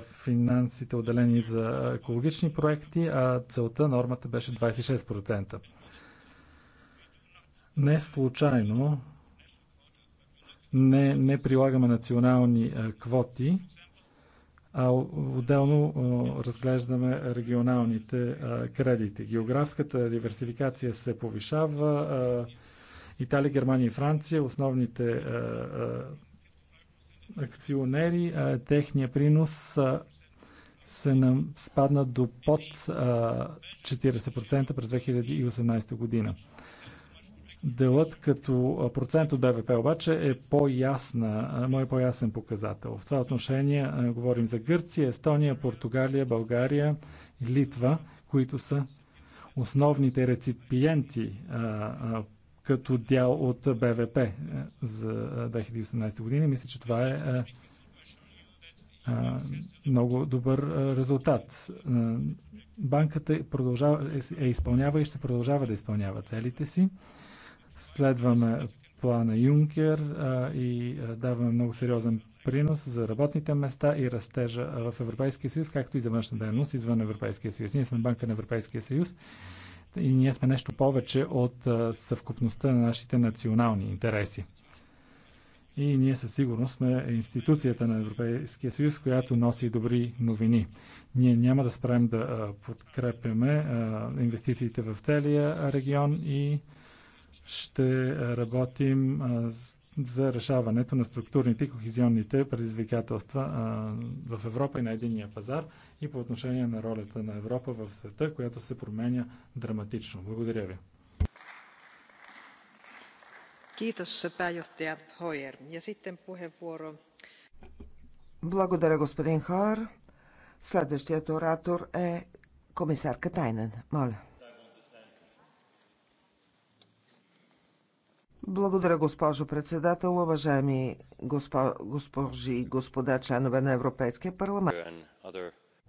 финансите отделени за екологични проекти, а целта, нормата беше 26%. Не случайно не, не прилагаме национални квоти, а отделно разглеждаме регионалните кредити. Географската диверсификация се повишава. Италия, Германия и Франция, основните акционери, а, техния принос а, се нам, спадна до под а, 40% през 2018 година. Делът като процент от БВП обаче е по-ясна, мой е по-ясен показател. В това отношение а, говорим за Гърция, Естония, Португалия, България и Литва, които са основните реципиенти а, а, като дял от БВП е, за 2018 е, година. Мисля, че това е, е много добър резултат. Банката продължава, е изпълнява и ще продължава да изпълнява целите си. Следваме плана Юнкер и даваме много сериозен принос за работните места и растежа в Европейския съюз, както и за външна дейност извън Европейския съюз. Ние сме банка на Европейския съюз и ние сме нещо повече от съвкупността на нашите национални интереси. И ние със сигурност сме институцията на Европейския съюз, която носи добри новини. Ние няма да спрем да подкрепяме инвестициите в целия регион и ще работим с за решаването на структурните и кохезионните предизвикателства а, в Европа и на единния пазар и по отношение на ролята на Европа в света, която се променя драматично. Благодаря ви. Благодаря, господин Хоер. Следващият оратор е комисарка Тайнен. Моля. Благодаря, госпожо председател, уважаеми госпожи и господа членове на Европейския парламент.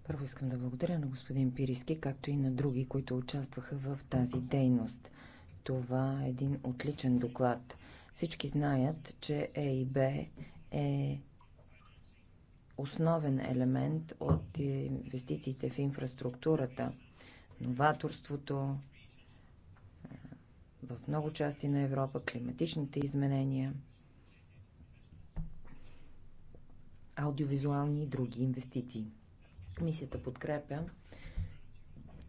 Първо искам да благодаря на господин Пириски, както и на други, които участваха в тази дейност. Това е един отличен доклад. Всички знаят, че ЕИБ е основен елемент от инвестициите в инфраструктурата, новаторството, в много части на Европа, климатичните изменения, аудиовизуални и други инвестиции. Комисията подкрепя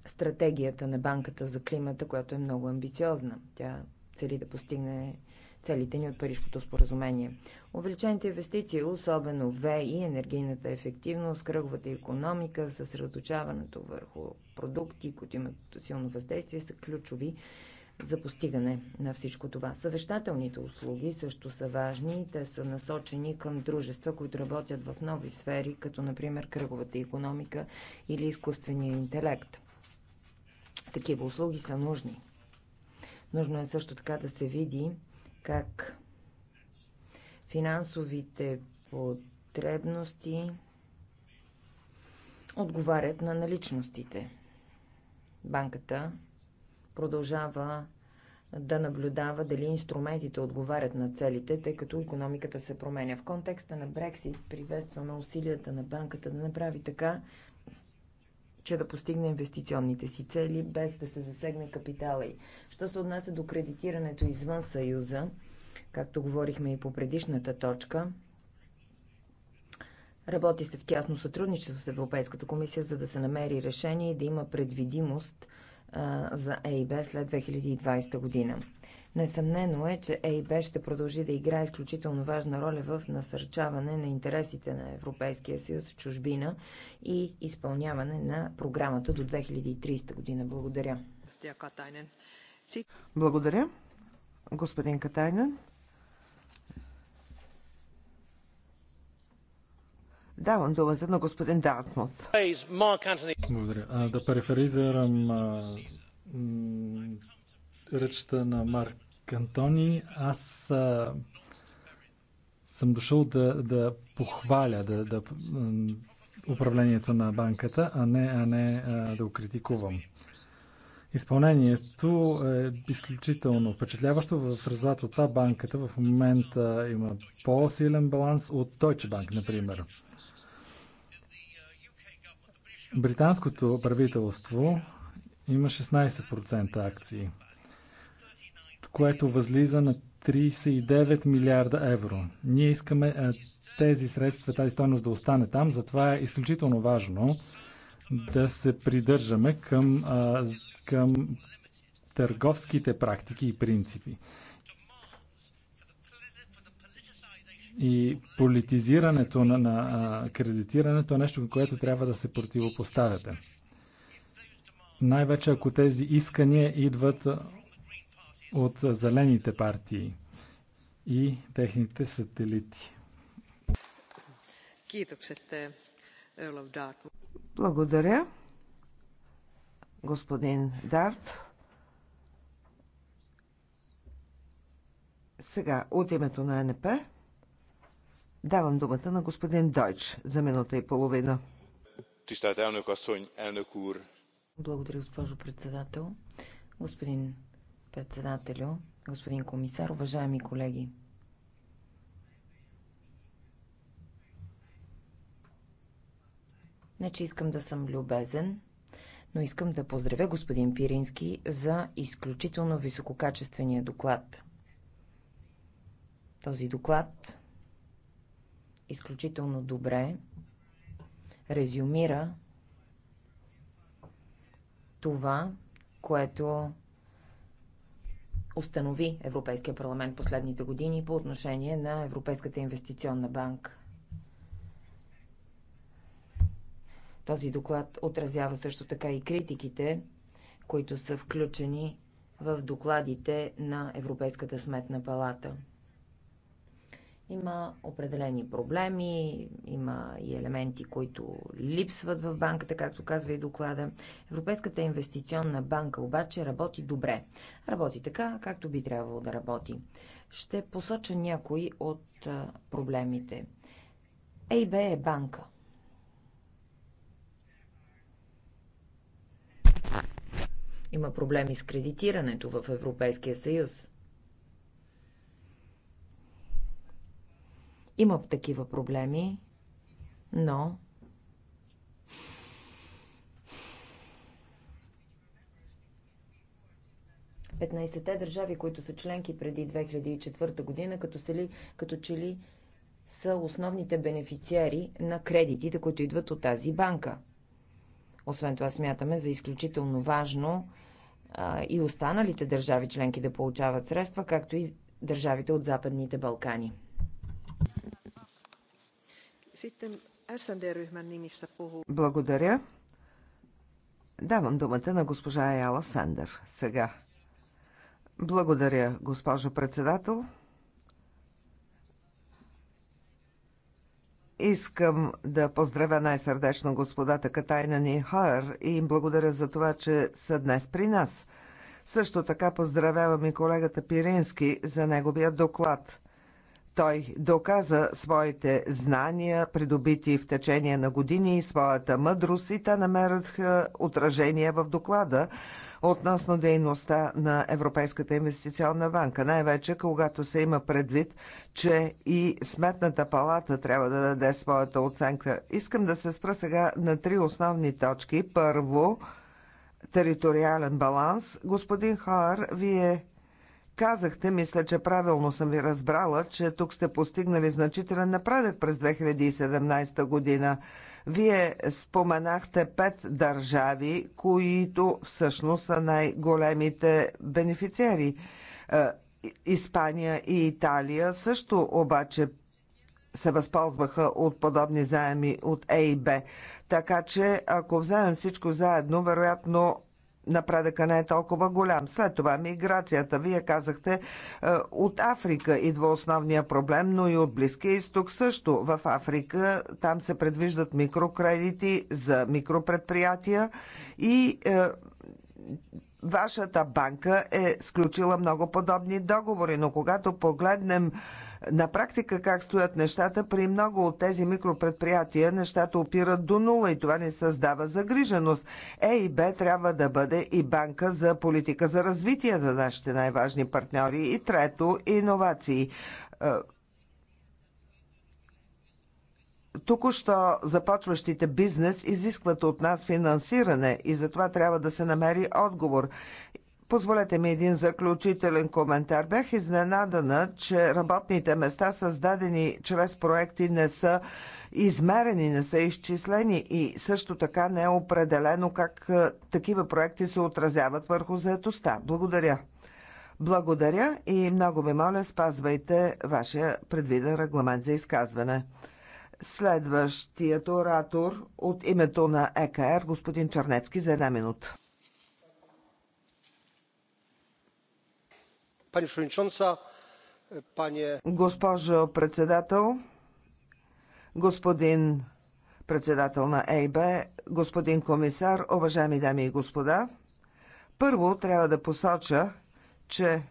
стратегията на Банката за климата, която е много амбициозна. Тя цели да постигне целите ни от Парижското споразумение. Увеличените инвестиции, особено В и енергийната ефективност, кръговата економика, съсредоточаването върху продукти, които имат силно въздействие, са ключови за постигане на всичко това. Съвещателните услуги също са важни. Те са насочени към дружества, които работят в нови сфери, като например кръговата економика или изкуствения интелект. Такива услуги са нужни. Нужно е също така да се види как финансовите потребности отговарят на наличностите. Банката продължава да наблюдава дали инструментите отговарят на целите, тъй като економиката се променя. В контекста на Брексит приветстваме усилията на банката да направи така, че да постигне инвестиционните си цели, без да се засегне капитала й. Що се отнася до кредитирането извън Съюза, както говорихме и по предишната точка, Работи се в тясно сътрудничество с Европейската комисия, за да се намери решение и да има предвидимост – за ЕИБ след 2020 година. Несъмнено е, че ЕИБ ще продължи да играе изключително важна роля в насърчаване на интересите на Европейския съюз в чужбина и изпълняване на програмата до 2030 година. Благодаря. Благодаря. Господин Катайнен. Давам думата на господин Дартмус. Благодаря. да периферизирам речта на Марк Антони. Аз а, съм дошъл да, да похваля да, да, управлението на банката, а не, а не а, да го критикувам. Изпълнението е изключително впечатляващо. В резултат от това банката в момента има по-силен баланс от Deutsche Bank, например. Британското правителство има 16% акции, което възлиза на 39 милиарда евро. Ние искаме тези средства, тази стойност да остане там, затова е изключително важно да се придържаме към, към търговските практики и принципи. И политизирането на, на а, кредитирането е нещо, което трябва да се противопоставяте. Най-вече ако тези искания идват от зелените партии и техните сателити. Е, е, Благодаря, господин Дарт. Сега, от името на НП. Давам думата на господин Дойч за минута и половина. Благодаря, госпожо председател. Господин председателю, господин комисар, уважаеми колеги. Не, че искам да съм любезен, но искам да поздравя господин Пирински за изключително висококачествения доклад. Този доклад изключително добре резюмира това, което установи Европейския парламент последните години по отношение на Европейската инвестиционна банка. Този доклад отразява също така и критиките, които са включени в докладите на Европейската сметна палата – има определени проблеми, има и елементи, които липсват в банката, както казва и доклада. Европейската инвестиционна банка обаче работи добре. Работи така, както би трябвало да работи. Ще посоча някои от проблемите. ЕИБ е банка. Има проблеми с кредитирането в Европейския съюз. Има такива проблеми, но Петнайсетте държави, които са членки преди 2004 година, като, са ли, като че ли са основните бенефициери на кредитите, които идват от тази банка. Освен това смятаме за изключително важно а, и останалите държави членки да получават средства, както и държавите от Западните Балкани. Благодаря. Давам думата на госпожа Аяла Сандър сега. Благодаря, госпожо председател. Искам да поздравя най-сърдечно господата Катайна и Хайер и им благодаря за това, че са днес при нас. Също така поздравявам и колегата Пирински за неговия доклад. Той доказа своите знания, придобити в течение на години и своята мъдрост и те намерят отражение в доклада относно дейността на Европейската инвестиционна банка. Най-вече, когато се има предвид, че и Сметната палата трябва да даде своята оценка. Искам да се спра сега на три основни точки. Първо, териториален баланс. Господин Хоар, вие Казахте, мисля, че правилно съм ви разбрала, че тук сте постигнали значителен напредък през 2017 година. Вие споменахте пет държави, които всъщност са най-големите бенефициери. Е, Испания и Италия също обаче се възползваха от подобни заеми от ЕИБ. Така че, ако вземем всичко заедно, вероятно напредъка не е толкова голям. След това миграцията. Вие казахте, е, от Африка идва основния проблем, но и от Близкия изток също. В Африка там се предвиждат микрокредити за микропредприятия и е, вашата банка е сключила много подобни договори, но когато погледнем на практика как стоят нещата, при много от тези микропредприятия нещата опират до нула и това не създава загриженост. Е и Б трябва да бъде и банка за политика за развитие на нашите най-важни партньори. И трето, иновации. Е, току-що започващите бизнес изискват от нас финансиране и затова трябва да се намери отговор. Позволете ми един заключителен коментар. Бях изненадана, че работните места, създадени чрез проекти, не са измерени, не са изчислени и също така не е определено как е, такива проекти се отразяват върху заетостта. Благодаря. Благодаря и много ви моля, спазвайте вашия предвиден регламент за изказване. Следващият оратор от името на ЕКР, господин Чернецки, за една минута. Госпожо председател, господин председател на ЕИБ, господин комисар, уважаеми дами и господа! Първо трябва да посоча, че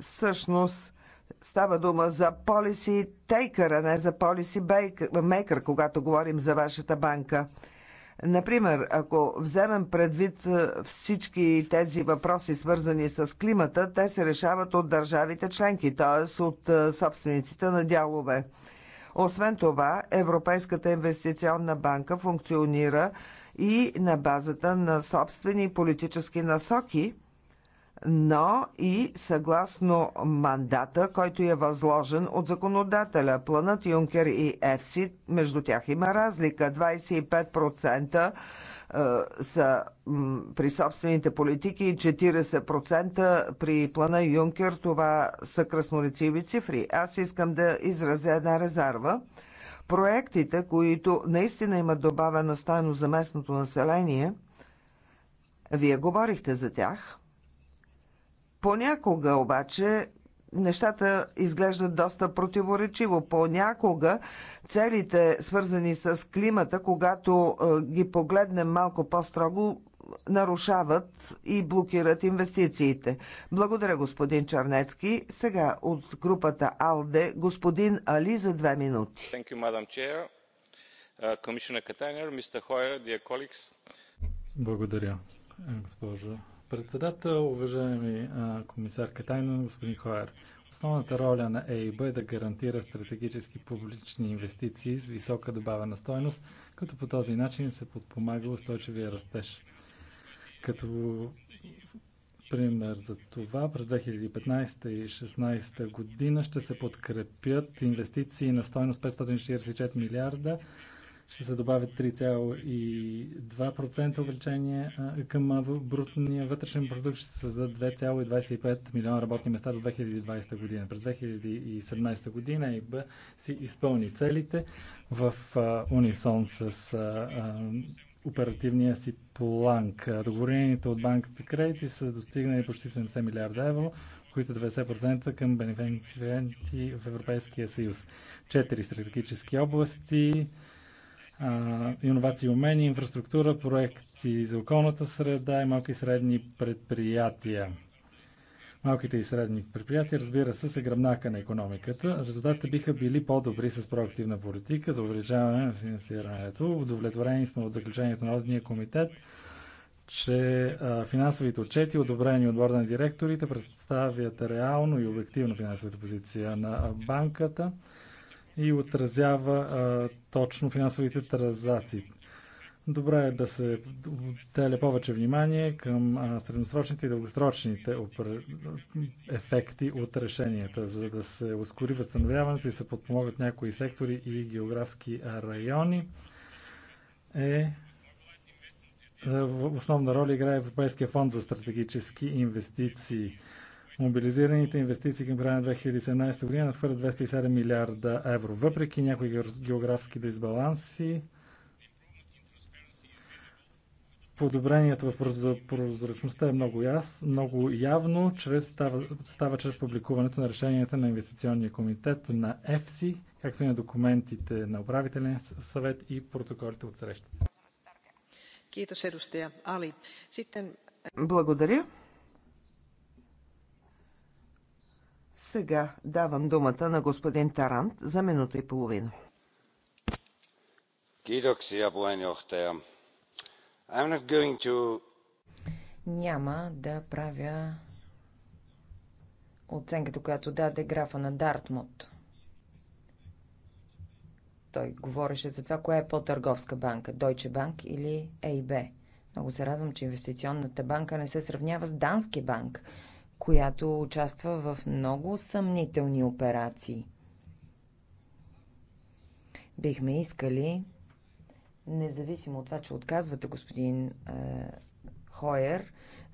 всъщност става дума за policy taker, а не за policy maker, когато говорим за вашата банка. Например, ако вземем предвид е, всички тези въпроси, свързани с климата, те се решават от държавите членки, т.е. от е, собствениците на дялове. Освен това, Европейската инвестиционна банка функционира и на базата на собствени политически насоки, но и съгласно мандата, който е възложен от законодателя. Планът Юнкер и ЕФСИ, между тях има разлика. 25% е, са при собствените политики и 40% при плана Юнкер. Това са красноречиви цифри. Аз искам да изразя една резерва. Проектите, които наистина имат добавена стойност за местното население, вие говорихте за тях – Понякога обаче нещата изглеждат доста противоречиво. Понякога целите, свързани с климата, когато е, ги погледнем малко по-строго, нарушават и блокират инвестициите. Благодаря, господин Чарнецки. Сега от групата АЛДЕ, господин Али за две минути. Uh, Благодаря, госпожо председател, уважаеми комисар Катайнен, господин Хоер. Основната роля на ЕИБ е да гарантира стратегически публични инвестиции с висока добавена стойност, като по този начин се подпомага устойчивия растеж. Като пример за това, през 2015 и 2016 година ще се подкрепят инвестиции на стойност 544 милиарда ще се добавят 3,2% увеличение към брутния вътрешен продукт, ще се създадат 2,25 милиона работни места до 2020 година. През 2017 година ИБ си изпълни целите в унисон с оперативния си планк. Договорените от банката кредити са достигнали почти 70 милиарда евро, които 90% към бенефициенти в Европейския съюз. Четири стратегически области иновации и умения, инфраструктура, проекти за околната среда и малки и средни предприятия. Малките и средни предприятия, разбира се, са гръбнака на економиката. Резултатите биха били по-добри с проактивна политика за увеличаване на финансирането. Удовлетворени сме от заключението на Родния комитет, че а, финансовите отчети, одобрени от борда на директорите, представят реално и обективно финансовата позиция на банката и отразява а, точно финансовите транзакции. Добре е да се отделя повече внимание към средносрочните и дългосрочните ефекти от решенията, за да се ускори възстановяването и се подпомогат някои сектори и географски райони. Е, е основна роля играе Европейския фонд за стратегически инвестиции. Мобилизираните инвестиции към края на 2017 година надхвърлят 207 милиарда евро. Въпреки някои географски дисбаланси, подобрението в прозрачността е много, яс, много явно, чрез, става, става чрез публикуването на решенията на инвестиционния комитет на ЕФСИ, както и на документите на управителен съвет и протоколите от срещите. Благодаря. Сега давам думата на господин Тарант за минута и половина. Кидоксия puheenjohtaja. I'm not going to... Няма да правя оценката, която даде графа на Дартмут. Той говореше за това, коя е по-търговска банка, Deutsche Bank или AB. Много се радвам, че инвестиционната банка не се сравнява с Дански банк която участва в много съмнителни операции. Бихме искали, независимо от това, че отказвате господин е, Хойер,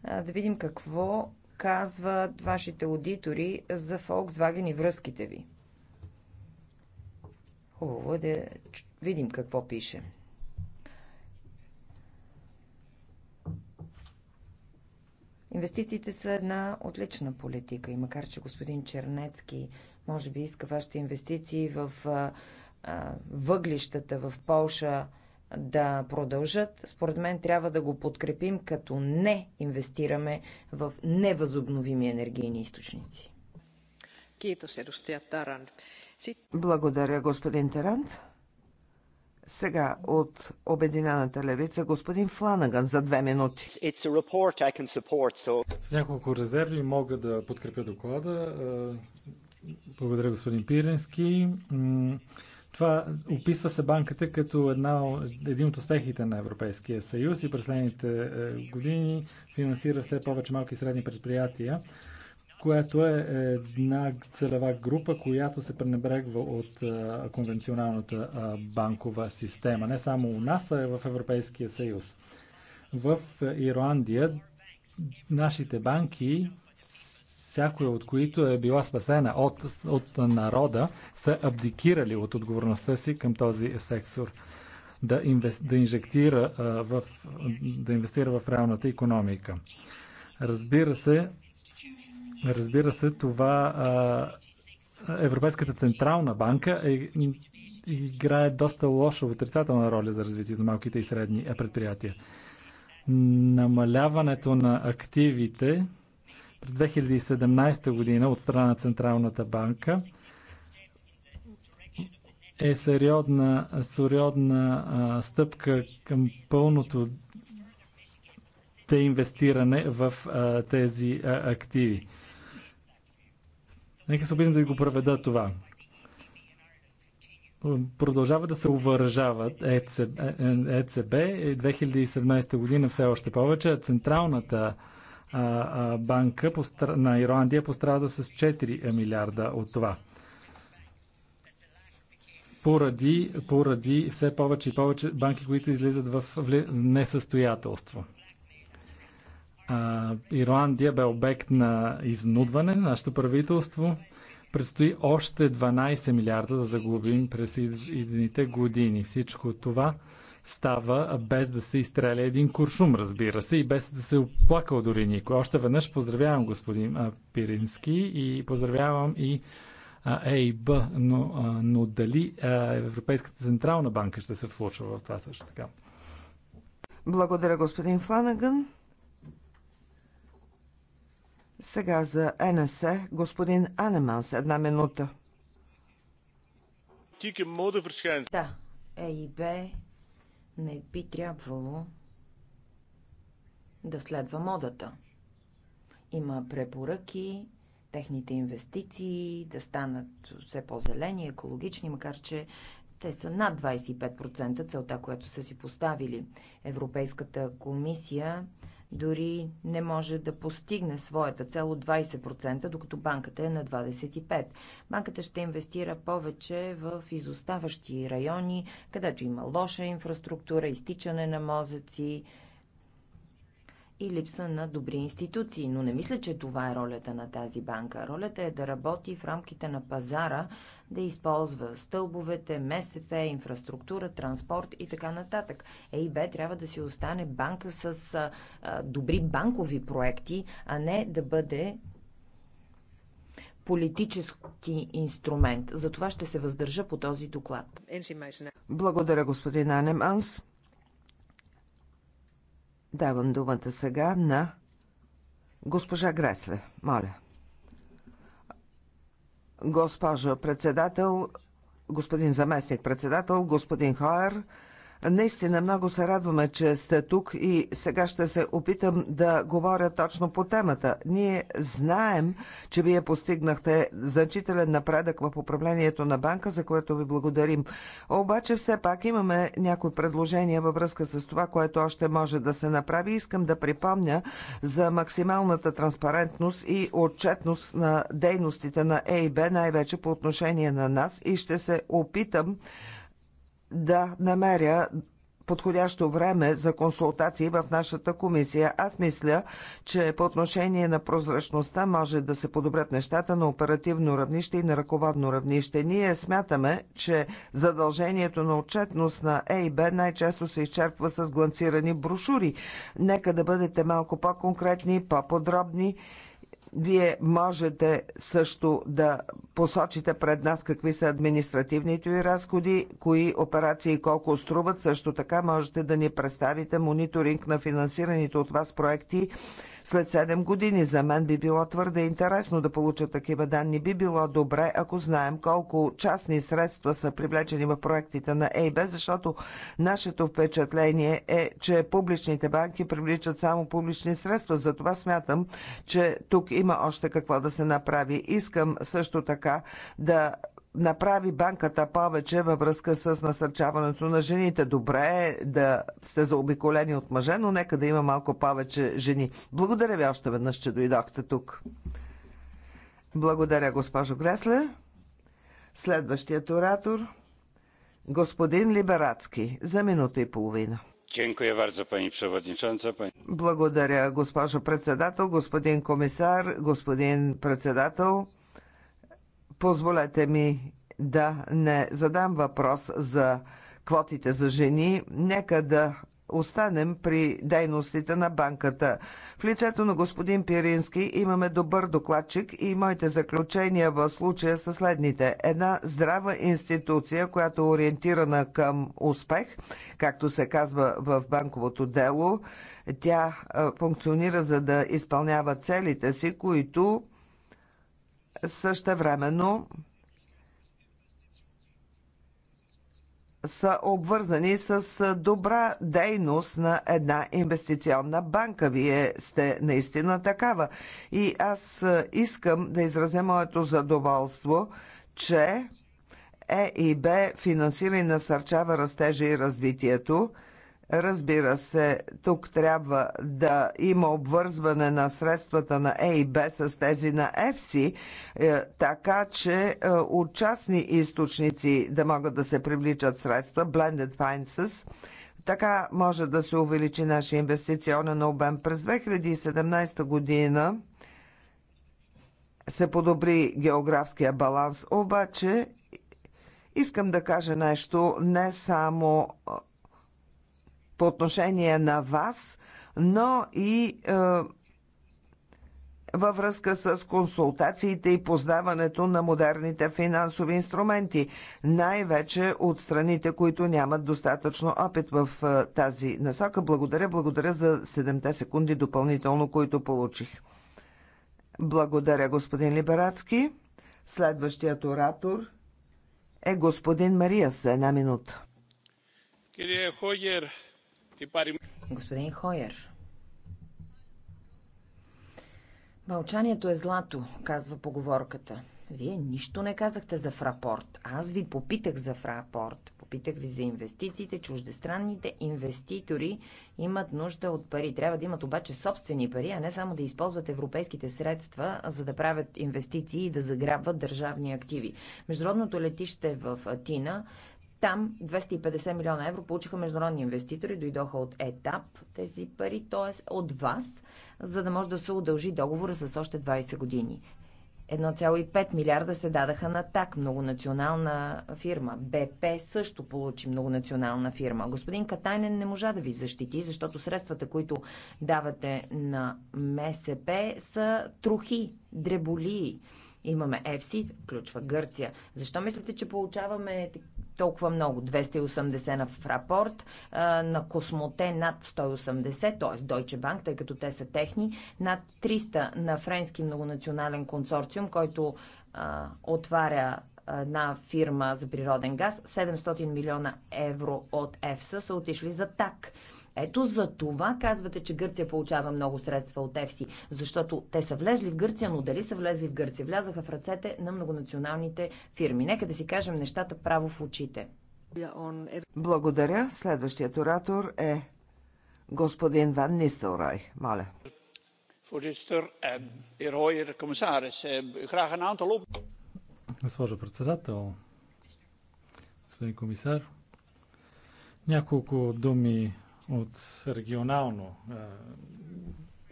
е, да видим какво казват вашите аудитори за Volkswagen и връзките ви. Хубаво е да видим какво пише. Инвестициите са една отлична политика и макар, че господин Чернецки може би иска вашите инвестиции в а, а, въглищата в Полша да продължат, според мен трябва да го подкрепим, като не инвестираме в невъзобновими енергийни източници. Благодаря, господин Тарант. Сега от Обединената левица господин Фланаган за две минути. С няколко резерви мога да подкрепя доклада. Благодаря господин Пиренски. Това описва се банката като една, един от успехите на Европейския съюз и през следните е, години финансира все повече малки и средни предприятия което е една целева група, която се пренебрегва от конвенционалната банкова система. Не само у нас, а и в Европейския съюз. В Ирландия нашите банки, всяко от които е била спасена от, от народа, са абдикирали от отговорността си към този сектор да, инвес, да, инжектира, в, да инвестира в реалната економика. Разбира се, Разбира се, това а, Европейската централна банка е, играе доста лоша, отрицателна роля за развитието на малките и средни е, предприятия. Намаляването на активите през 2017 година от страна на Централната банка е сериозна, сериозна а, стъпка към пълното деинвестиране в а, тези а, активи. Нека се опитам да ви го проведа това. Продължава да се уважават ЕЦБ, ЕЦБ 2017 година все още повече. Централната банка на Ирландия пострада с 4 милиарда от това. Поради, поради все повече и повече банки, които излизат в несъстоятелство. А, Ирландия бе обект на изнудване на нашето правителство. Предстои още 12 милиарда да загубим през идните години. Всичко това става без да се изстреля един куршум, разбира се, и без да се оплака дори никой. Още веднъж поздравявам господин Пирински и поздравявам и ЕИБ, но, но дали Европейската централна банка ще се вслучва в това също така? Благодаря, господин Фланаган. Сега за НС, господин Анеманс, една минута. Да, ЕИБ не би трябвало да следва модата. Има препоръки, техните инвестиции да станат все по-зелени, екологични, макар че те са над 25% целта, която са си поставили. Европейската комисия дори не може да постигне своята цел от 20%, докато банката е на 25%. Банката ще инвестира повече в изоставащи райони, където има лоша инфраструктура, изтичане на мозъци, и липса на добри институции. Но не мисля, че това е ролята на тази банка. Ролята е да работи в рамките на пазара, да използва стълбовете, МСП, инфраструктура, транспорт и така нататък. ЕИБ трябва да си остане банка с а, добри банкови проекти, а не да бъде политически инструмент. За това ще се въздържа по този доклад. Благодаря, господин Анеманс. Давам думата сега на госпожа Гресле. Моля. Госпожо председател, господин заместник председател, господин Хоер, Наистина много се радваме, че сте тук и сега ще се опитам да говоря точно по темата. Ние знаем, че вие постигнахте значителен напредък в управлението на банка, за което ви благодарим. Обаче все пак имаме някои предложения във връзка с това, което още може да се направи. Искам да припомня за максималната транспарентност и отчетност на дейностите на ЕИБ, най-вече по отношение на нас и ще се опитам да намеря подходящо време за консултации в нашата комисия. Аз мисля, че по отношение на прозрачността може да се подобрят нещата на оперативно равнище и на ръководно равнище. Ние смятаме, че задължението на отчетност на ЕИБ най-често се изчерпва с гланцирани брошури. Нека да бъдете малко по-конкретни, по-подробни вие можете също да посочите пред нас какви са административните ви разходи, кои операции колко струват. Също така можете да ни представите мониторинг на финансираните от вас проекти след 7 години. За мен би било твърде интересно да получа такива данни. Би било добре, ако знаем колко частни средства са привлечени в проектите на ЕИБ, защото нашето впечатление е, че публичните банки привличат само публични средства. Затова смятам, че тук има още какво да се направи. Искам също така да направи банката повече във връзка с насърчаването на жените. Добре е да сте заобиколени от мъже, но нека да има малко повече жени. Благодаря ви още веднъж, че дойдохте тук. Благодаря, госпожо Гресле. Следващият оратор – господин Либерацки, за минута и половина. Благодаря, госпожо председател, господин комисар, господин председател. Позволете ми да не задам въпрос за квотите за жени. Нека да останем при дейностите на банката. В лицето на господин Пирински имаме добър докладчик и моите заключения в случая са следните. Една здрава институция, която е ориентирана към успех, както се казва в банковото дело, тя функционира за да изпълнява целите си, които същевременно са обвързани с добра дейност на една инвестиционна банка. Вие сте наистина такава. И аз искам да изразя моето задоволство, че ЕИБ финансира и насърчава растежа и развитието. Разбира се, тук трябва да има обвързване на средствата на и B с тези на ЕФСИ, така че е, от частни източници да могат да се привличат средства, blended finances, така може да се увеличи нашия инвестиционен обем. През 2017 година се подобри географския баланс, обаче искам да кажа нещо не само по отношение на вас, но и е, във връзка с консултациите и познаването на модерните финансови инструменти, най-вече от страните, които нямат достатъчно опит в е, тази насока. Благодаря, благодаря за 7 секунди допълнително, които получих. Благодаря, господин Либерацки. Следващият оратор е господин Мария за една минута. Кирия Хогер, Господин Хойер. Мълчанието е злато, казва поговорката. Вие нищо не казахте за Фрапорт. Аз ви попитах за Фрапорт. Попитах ви за инвестициите. Чуждестранните инвеститори имат нужда от пари. Трябва да имат обаче собствени пари, а не само да използват европейските средства, за да правят инвестиции и да заграбват държавни активи. Международното летище в Атина там 250 милиона евро получиха международни инвеститори, дойдоха от етап тези пари, т.е. от вас, за да може да се удължи договора с още 20 години. 1,5 милиарда се дадаха на ТАК, многонационална фирма. БП също получи многонационална фирма. Господин Катайнен не можа да ви защити, защото средствата, които давате на МСП са трохи, дреболии. Имаме ЕФСИ, включва Гърция. Защо мислите, че получаваме толкова много. 280 на Фрапорт, на Космоте над 180, т.е. Deutsche Bank, тъй като те са техни, над 300 на френски многонационален консорциум, който а, отваря една фирма за природен газ. 700 милиона евро от ЕФСА са отишли за так. Ето за това казвате, че Гърция получава много средства от ЕФСИ, защото те са влезли в Гърция, но дали са влезли в Гърция? Влязаха в ръцете на многонационалните фирми. Нека да си кажем нещата право в очите. Благодаря. Следващият оратор е господин Ван Нистелрой. Моля. Eh, Госпожо председател, господин комисар, няколко думи от регионално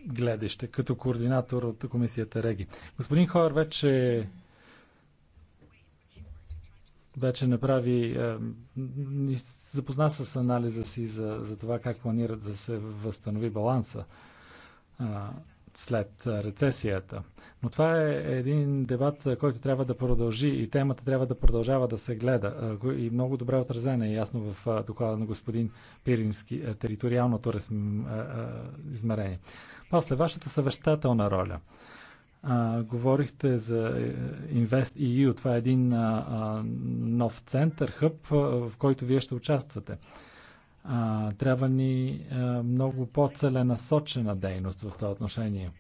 гледаще, като координатор от комисията Реги. Господин Хойер вече вече направи, е, запозна с анализа си за, за това как планират да се възстанови баланса след рецесията. Но това е един дебат, който трябва да продължи и темата трябва да продължава да се гледа. И много добре отразена е ясно в доклада на господин Пирински териториалното измерение. После, вашата съвещателна роля. А, говорихте за Invest EU. Това е един а, нов център, хъб, в който вие ще участвате. А, трябва ни а, много по-целенасочена дейност в това отношение.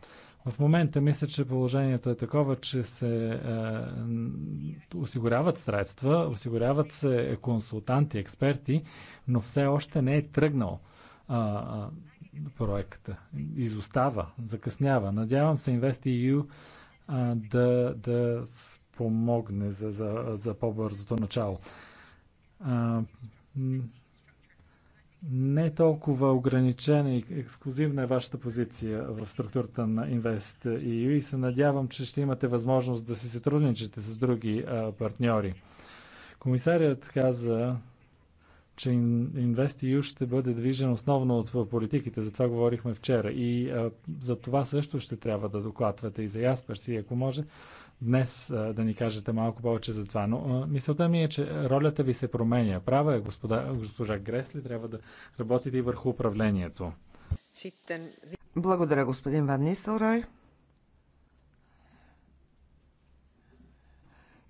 В момента мисля, че положението е такова, че се е, осигуряват средства, осигуряват се консултанти, експерти, но все още не е тръгнал а, а, проекта. Изостава, закъснява. Надявам се InvestEU а, да, да спомогне за, за, за по-бързото начало. А, не е толкова ограничена и ексклюзивна е вашата позиция в структурата на EU e и се надявам, че ще имате възможност да се сътрудничите с други а, партньори. Комисарият каза, че EU e ще бъде движен основно от политиките, за това говорихме вчера и а, за това също ще трябва да докладвате и за яспер си, ако може днес да ни кажете малко повече за това. Но мисълта ми е, че ролята ви се променя. Права е господа, госпожа Гресли, трябва да работите и върху управлението. Благодаря, господин Ван Нисълрой.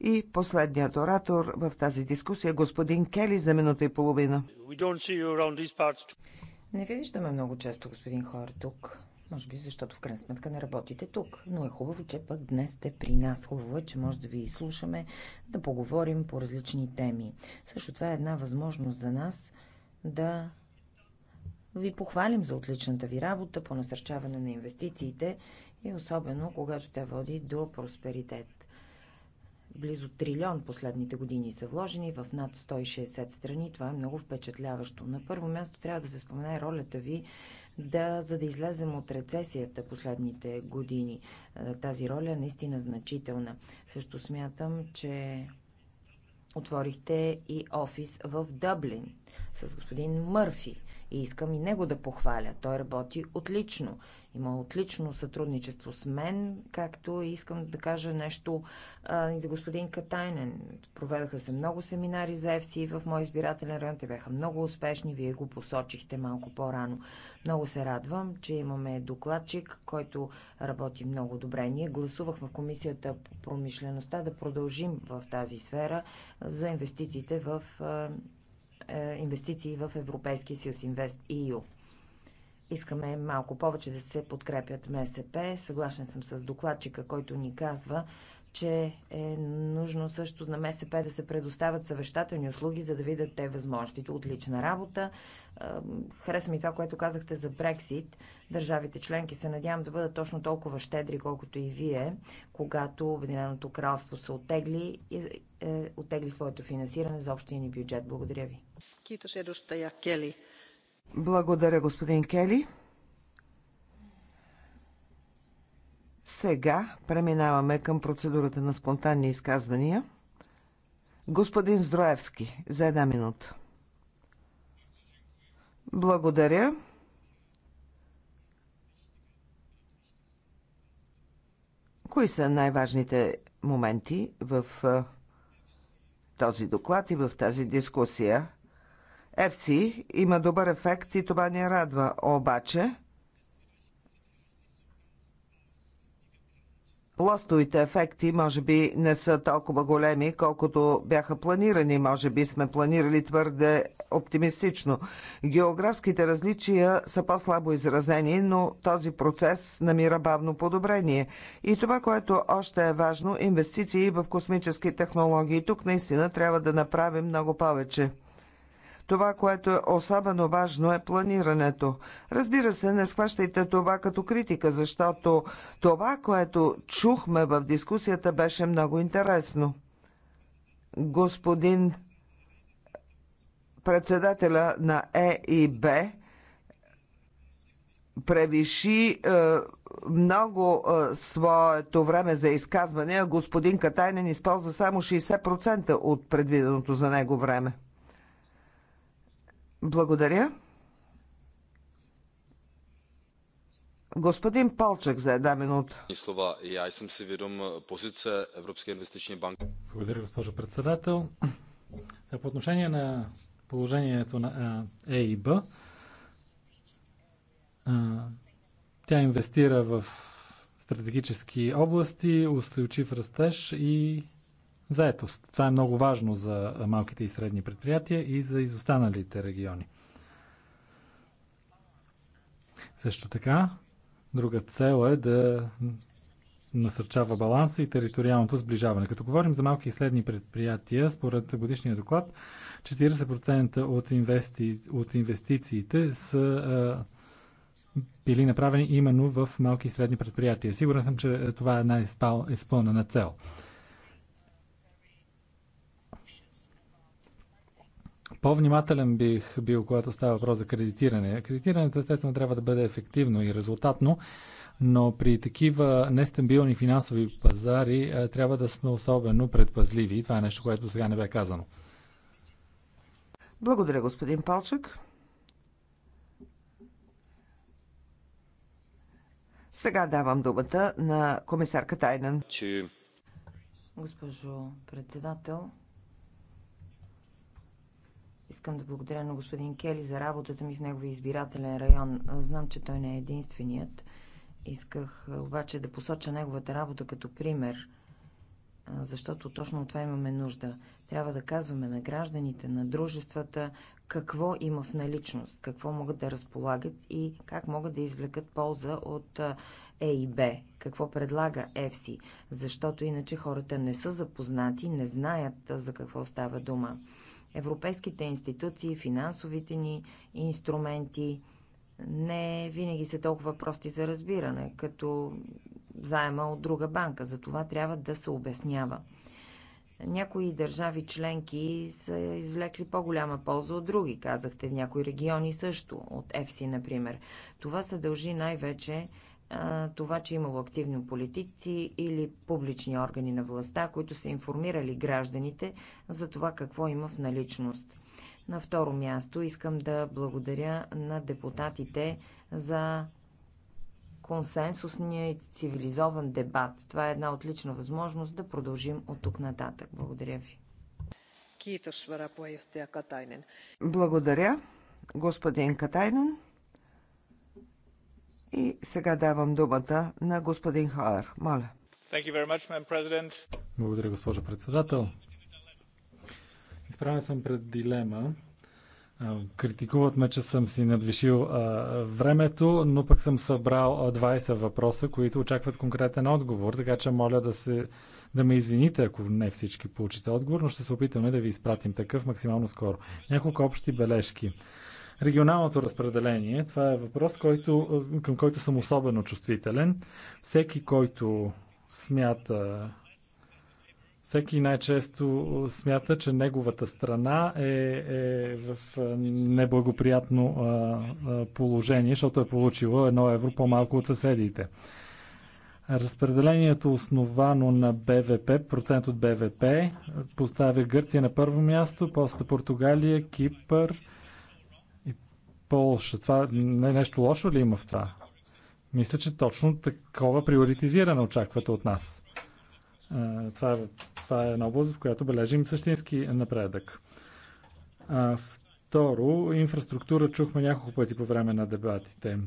И последният оратор в тази дискусия, господин Кели, за минута и половина. Не ви виждаме много често, господин Хор, тук. Може би защото в крайна сметка не работите тук. Но е хубаво, че пък днес сте при нас. Хубаво е, че може да ви слушаме, да поговорим по различни теми. Също това е една възможност за нас да ви похвалим за отличната ви работа по насърчаване на инвестициите и особено когато тя води до просперитет. Близо трилион последните години са вложени в над 160 страни. Това е много впечатляващо. На първо място трябва да се спомене ролята ви да, за да излезем от рецесията последните години. Е, тази роля е наистина значителна. Също смятам, че отворихте и офис в Дъблин с господин Мърфи. И искам и него да похваля. Той работи отлично. Има отлично сътрудничество с мен, както искам да кажа нещо и за господин Катайнен. Проведаха се много семинари за ФСИ в мой избирателен район. Те бяха много успешни. Вие го посочихте малко по-рано. Много се радвам, че имаме докладчик, който работи много добре. Ние гласувахме в Комисията по промишлеността да продължим в тази сфера за инвестициите в е, инвестиции в Европейския съюз, Инвест EU. Искаме малко повече да се подкрепят МСП. Съгласен съм с докладчика, който ни казва, че е нужно също на МСП да се предоставят съвещателни услуги, за да видят те възможностите. Отлична работа. Хареса ми това, което казахте за Брексит. Държавите членки се надявам да бъдат точно толкова щедри, колкото и вие, когато Обединеното кралство се отегли и е, отегли своето финансиране за общия ни бюджет. Благодаря ви. Китос, едостая Кели. Благодаря, господин Кели. Сега преминаваме към процедурата на спонтанни изказвания. Господин Здроевски, за една минута. Благодаря. Кои са най-важните моменти в този доклад и в тази дискусия? Ефси има добър ефект и това ни радва. Обаче, лостовите ефекти може би не са толкова големи, колкото бяха планирани. Може би сме планирали твърде оптимистично. Географските различия са по-слабо изразени, но този процес намира бавно подобрение. И това, което още е важно, инвестиции в космически технологии. Тук наистина трябва да направим много повече. Това, което е особено важно е планирането. Разбира се, не схващайте това като критика, защото това, което чухме в дискусията, беше много интересно. Господин председателя на е Б превиши е, много е, своето време за изказване, а господин Катайнен използва само 60% от предвиденото за него време. Благодаря. Господин Полчек за една минута. Слова. аз съм си ведом позиция Европска инвестична банка. Благодаря, госпожо председател. Е, по отношение на положението на е Б, тя инвестира в стратегически области, устойчив растеж и Заетост. Това е много важно за малките и средни предприятия и за изостаналите региони. Също така, друга цел е да насърчава баланса и териториалното сближаване. Като говорим за малки и средни предприятия, според годишния доклад, 40% от, инвести... от инвестициите са а, били направени именно в малки и средни предприятия. Сигурен съм, че това е една изпълнена цел. По-внимателен бих бил, когато става въпрос за кредитиране. Кредитирането, естествено, трябва да бъде ефективно и резултатно, но при такива нестабилни финансови пазари е, трябва да сме особено предпазливи. Това е нещо, което сега не бе казано. Благодаря, господин Палчък. Сега давам думата на комисарка Тайнен. Госпожо председател, Искам да благодаря на господин Кели за работата ми в неговия избирателен район. Знам, че той не е единственият. Исках обаче да посоча неговата работа като пример, защото точно от това имаме нужда. Трябва да казваме на гражданите, на дружествата, какво има в наличност, какво могат да разполагат и как могат да извлекат полза от Е и Б, какво предлага ФС, защото иначе хората не са запознати, не знаят за какво става дума европейските институции, финансовите ни инструменти не винаги са толкова прости за разбиране, като заема от друга банка. За това трябва да се обяснява. Някои държави членки са извлекли по-голяма полза от други, казахте в някои региони също, от ЕФСИ, например. Това се дължи най-вече това, че е имало активни политици или публични органи на властта, които са информирали гражданите за това какво има в наличност. На второ място искам да благодаря на депутатите за консенсусния и цивилизован дебат. Това е една отлична възможност да продължим от тук нататък. Благодаря ви. Благодаря, господин Катайнен. И сега давам думата на господин Хаер. Моля. Much, Благодаря, госпожо председател. Изправен съм пред дилема. Критикуват ме, че съм си надвишил а, времето, но пък съм събрал 20 въпроса, които очакват конкретен отговор, така че моля да, се, да ме извините, ако не всички получите отговор, но ще се опитаме да ви изпратим такъв максимално скоро. Няколко общи бележки. Регионалното разпределение, това е въпрос, който, е, към който съм особено чувствителен. Всеки, който смята всеки най-често смята, че неговата страна е, е в неблагоприятно положение, защото е получила едно евро по-малко от съседите. Разпределението основано на БВП, процент от БВП, поставя Гърция на първо място, после Португалия, Кипър, Полша. Това не, е нещо лошо ли има в това? Мисля, че точно такова приоритизиране очаквате от нас. Това е, това е една област, в която бележим същински напредък. Второ, инфраструктура чухме няколко пъти по време на дебатите.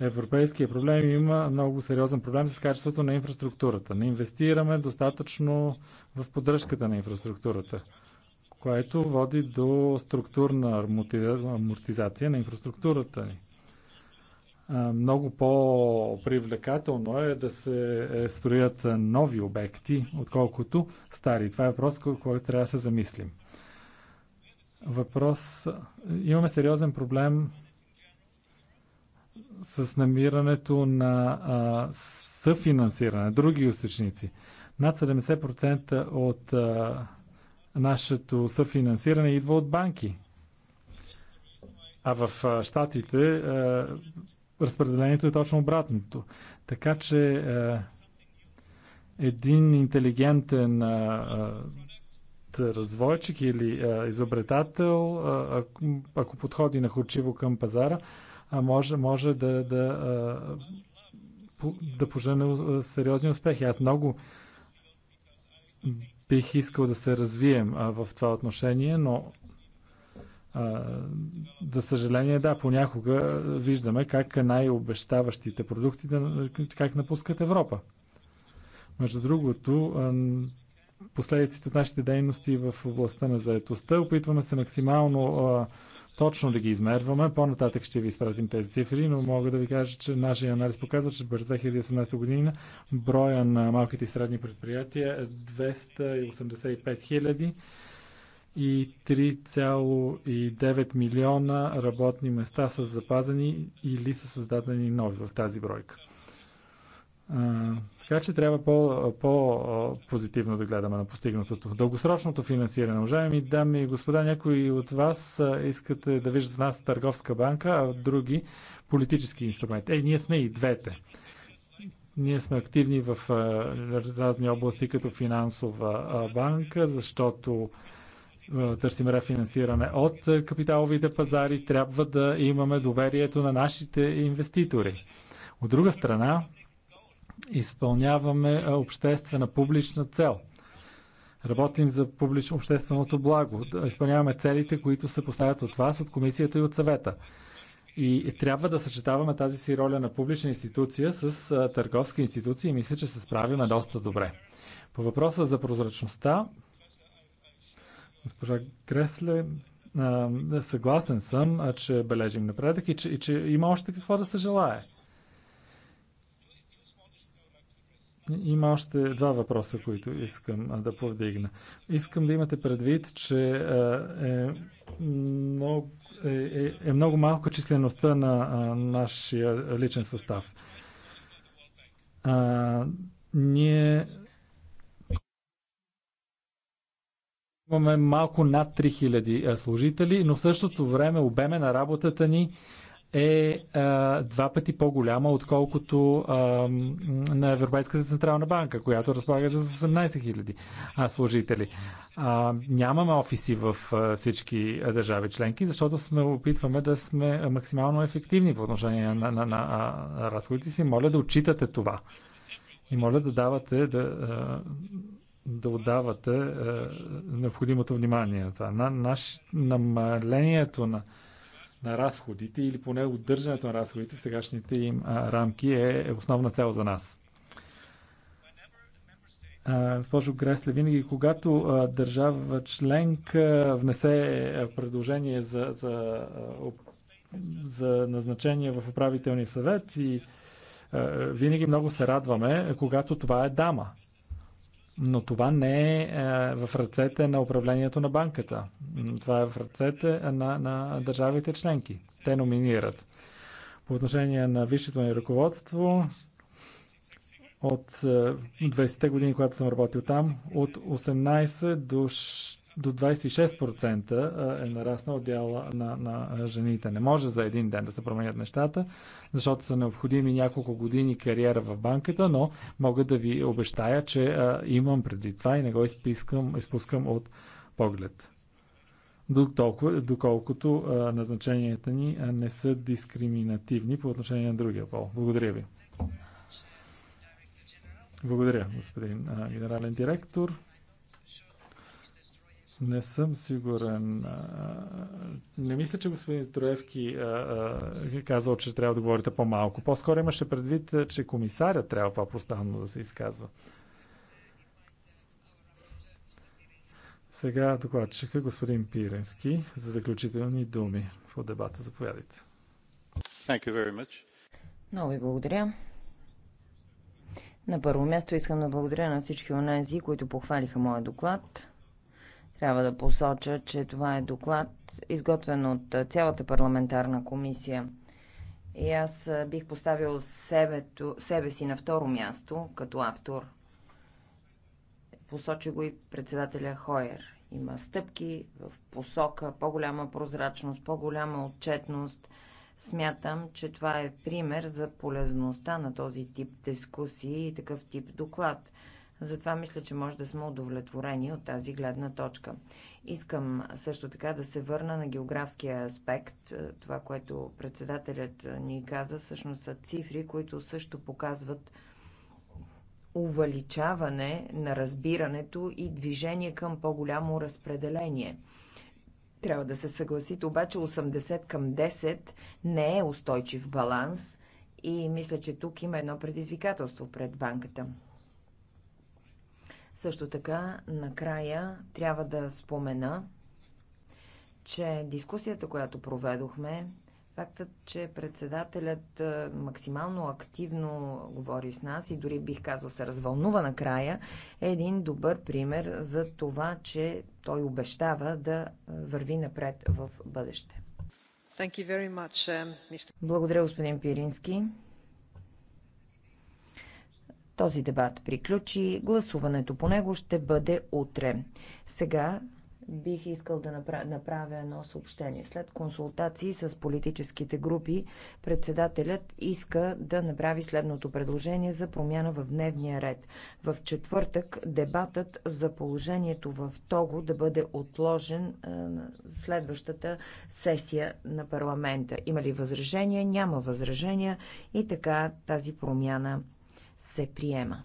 Европейския проблем има много сериозен проблем с качеството на инфраструктурата. Не инвестираме достатъчно в поддръжката на инфраструктурата което води до структурна амортизация на инфраструктурата ни. Много по-привлекателно е да се е, строят нови обекти, отколкото стари. Това е въпрос, който трябва да се замислим. Въпрос. Имаме сериозен проблем с намирането на съфинансиране, други източници. Над 70% от а, нашето съфинансиране идва от банки. А в Штатите разпределението е точно обратното. Така че един интелигентен развойчик или а, изобретател, а, ако подходи на хорчиво към пазара, а може, може да, да, а, да пожене сериозни успехи. Аз много бих искал да се развием а, в това отношение, но а, за съжаление, да, понякога виждаме как най-обещаващите продукти как напускат Европа. Между другото, последиците от нашите дейности в областта на заетостта. Опитваме се максимално точно да ги измерваме. По-нататък ще ви изпратим тези цифри, но мога да ви кажа, че нашия анализ показва, че през 2018 година броя на малките и средни предприятия е 285 хиляди и 3,9 милиона работни места са запазени или са създадени нови в тази бройка. Така че трябва по-позитивно по да гледаме на постигнатото. Дългосрочното финансиране. Уважаеми дами и господа, някои от вас искате да виждат в нас търговска банка, а от други политически инструменти. Е, ние сме и двете. Ние сме активни в разни области, като финансова банка, защото търсим рефинансиране от капиталовите пазари. Трябва да имаме доверието на нашите инвеститори. От друга страна, изпълняваме обществена публична цел. Работим за публично общественото благо. Изпълняваме целите, които се поставят от вас, от комисията и от съвета. И трябва да съчетаваме тази си роля на публична институция с търговска институция и мисля, че се справиме доста добре. По въпроса за прозрачността, госпожа Кресле, съгласен съм, че бележим напредък и че, и че има още какво да се желае. Има още два въпроса, които искам да повдигна. Искам да имате предвид, че е много, е, е, е много малко числеността на нашия личен състав. А, ние имаме малко над 3000 служители, но в същото време обеме на работата ни е а, два пъти по-голяма, отколкото а, на Европейската централна банка, която разполага с 18 000 а, служители. А, нямаме офиси в а, всички държави членки, защото сме опитваме да сме максимално ефективни по отношение на, на, на, на, разходите си. Моля да отчитате това. И моля да давате да. А, да отдавате е, необходимото внимание това. На, наш, намалението на, на разходите или поне удържането на разходите в сегашните им а, рамки е, е основна цел за нас. Госпожо Гресле, винаги когато а, държава членка внесе предложение за, за, за назначение в управителния съвет и а, винаги много се радваме, когато това е дама. Но това не е, е в ръцете на управлението на банката. Това е в ръцете на, на държавите членки. Те номинират. По отношение на висшето ни ръководство, от 20-те е, години, когато съм работил там, от 18 до до 26% е нараснал дяла на, на жените. Не може за един ден да се променят нещата, защото са необходими няколко години кариера в банката, но мога да ви обещая, че а, имам преди това и не го изпискам, изпускам от поглед. Доколко, доколкото а, назначенията ни а, не са дискриминативни по отношение на другия пол. Благодаря ви. Благодаря, господин а, генерален директор. Не съм сигурен. Не мисля, че господин Здроевки е казал, че трябва да говорите по-малко. По-скоро имаше предвид, че комисарят трябва по-постанно да се изказва. Сега докладчика господин Пиренски за заключителни думи по дебата. Заповядайте. Thank you very much. Много ви благодаря. На първо място искам да благодаря на всички онези, които похвалиха моя доклад. Трябва да посоча, че това е доклад, изготвен от цялата парламентарна комисия. И аз бих поставил себе, себе си на второ място като автор. Посочи го и председателя Хойер. Има стъпки в посока по-голяма прозрачност, по-голяма отчетност. Смятам, че това е пример за полезността на този тип дискусии и такъв тип доклад. Затова мисля, че може да сме удовлетворени от тази гледна точка. Искам също така да се върна на географския аспект. Е, това, което председателят ни каза, всъщност са цифри, които също показват увеличаване на разбирането и движение към по-голямо разпределение. Трябва да се съгласите, обаче 80 към 10 не е устойчив баланс и мисля, че тук има едно предизвикателство пред банката. Също така, накрая трябва да спомена, че дискусията, която проведохме, фактът, че председателят максимално активно говори с нас и дори бих казал се развълнува накрая, е един добър пример за това, че той обещава да върви напред в бъдеще. Uh, Благодаря, господин Пирински. Този дебат приключи. Гласуването по него ще бъде утре. Сега бих искал да направя едно съобщение. След консултации с политическите групи, председателят иска да направи следното предложение за промяна в дневния ред. В четвъртък дебатът за положението в Того да бъде отложен следващата сесия на парламента. Има ли възражения? Няма възражения и така тази промяна се приема.